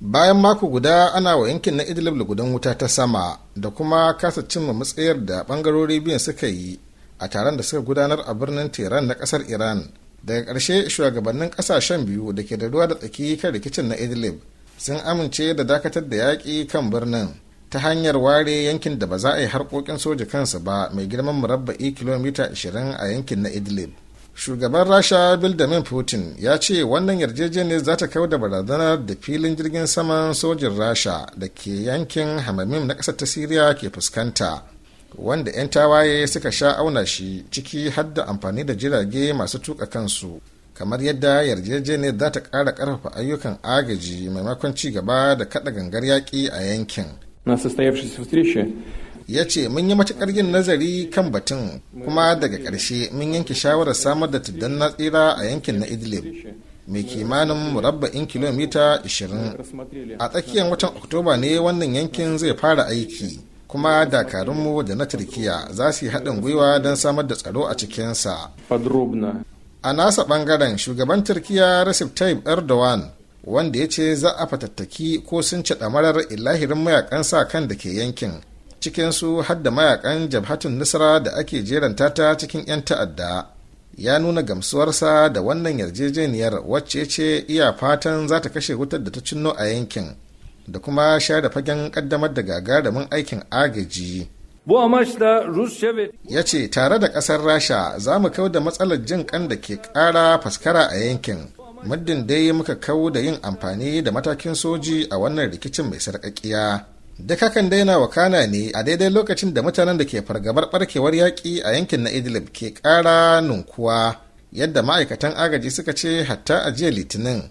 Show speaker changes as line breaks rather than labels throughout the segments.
bayan mako guda ana wa yankin na idlib lugudan wuta ta sama da kuma kasa cimma matsayar da bangarori biyan suka yi a taron da suka gudanar a birnin tehran na kasar iran daga karshe shugabannin ƙasashen biyu da ke da ruwa da tsaki kan rikicin na idlib sun amince da dakatar da yaƙi kan birnin ta hanyar ware yankin da ba za a yi harkokin soja kansa ba mai girman murabba'i kilomita 20 a yankin na idlib shugaban rasha bildamin putin ya ce wannan yarjejeniyar za ta kau da barazanar da filin jirgin saman sojin rasha da ke yankin hamamim na ƙasar ta siriya ke fuskanta wanda 'yan tawaye suka sha auna shi ciki har da amfani da jirage masu tuka kansu kamar yadda yarjejeniyar za ta ƙara ƙarfafa ayyukan agaji maimakon ci gaba da kada gangar yaƙi a yankin. ya ce mun yi matuƙar yin nazari kan batun kuma daga ƙarshe mun yanke shawarar samar da tuddan na tsira a yankin na idlib mai kimanin murabba'in kilomita 20 a tsakiyar watan oktoba ne wannan yankin zai fara aiki kuma dakarunmu da na turkiya za su yi haɗin gwiwa don samar da tsaro a cikinsa a nasa ɓangaren shugaban turkiya recep tayyip erdogan wanda ya ce za a fatattaki ko sun ci ɗamarar ilahirin mayakan sa kan da ke yankin cikin su da mayakan jabhatun nusra da ake jeranta ta cikin 'yan ta'adda ya nuna gamsuwarsa da wannan yarjejeniyar wacce ce iya fatan za ta kashe wutar da ta cinno a yankin da kuma da fagen kaddamar da gagarumin aikin agaji ya ce tare da kasar Rasha za mu kau da matsalar jin kan da ke ƙara faskara a yankin muddin dai muka kau da yin amfani da matakin soji a wannan rikicin mai sarƙaƙiya. duk hakan daina wakana ne a daidai lokacin da mutanen da ke fargabar barkewar yaƙi a yankin na idlib ke ƙara nunkuwa yadda ma'aikatan agaji suka ce hatta a jiya litinin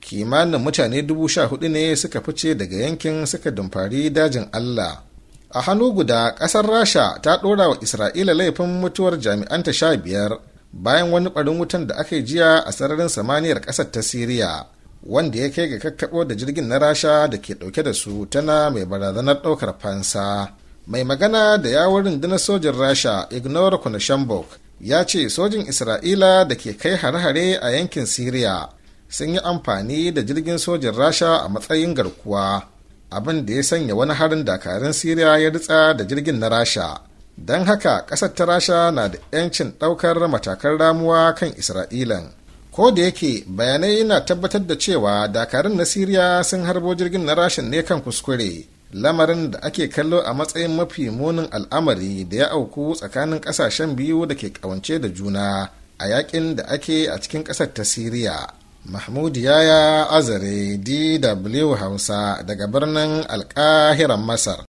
kimanin mutane dubu sha hudu ne suka fice daga yankin suka dumfari dajin allah a hannu guda ƙasar rasha ta ɗora wa isra'ila laifin mutuwar jami'anta sha biyar bayan wani ɓarin wutan da aka yi jiya a sararin samaniyar ƙasar ta siriya wanda ya kai ga kakkaɓo da jirgin na rasha da ke ɗauke da su tana mai barazanar ɗaukar fansa mai magana da yawon rundunar sojin rasha ignore konashenbok ya ce sojin isra'ila da ke kai hare-hare a yankin syria sun yi amfani da jirgin sojin rasha a matsayin garkuwa abin da ya sanya wani harin dakarun syria ya ritsa da jirgin na rasha don haka ƙasar ta rasha na da 'yancin ɗaukar matakan ramuwa kan isra'ilan ko da yake bayanai yana tabbatar da cewa dakarun na siriya sun harbo jirgin na rashin ne kan kuskure lamarin da ake kallo a matsayin mafi munin al'amari da ya auku tsakanin kasashen biyu da ke kawance da juna a yakin da ake a cikin kasar ta siriya mahmud yaya azare dw hausa daga birnin alkahiran masar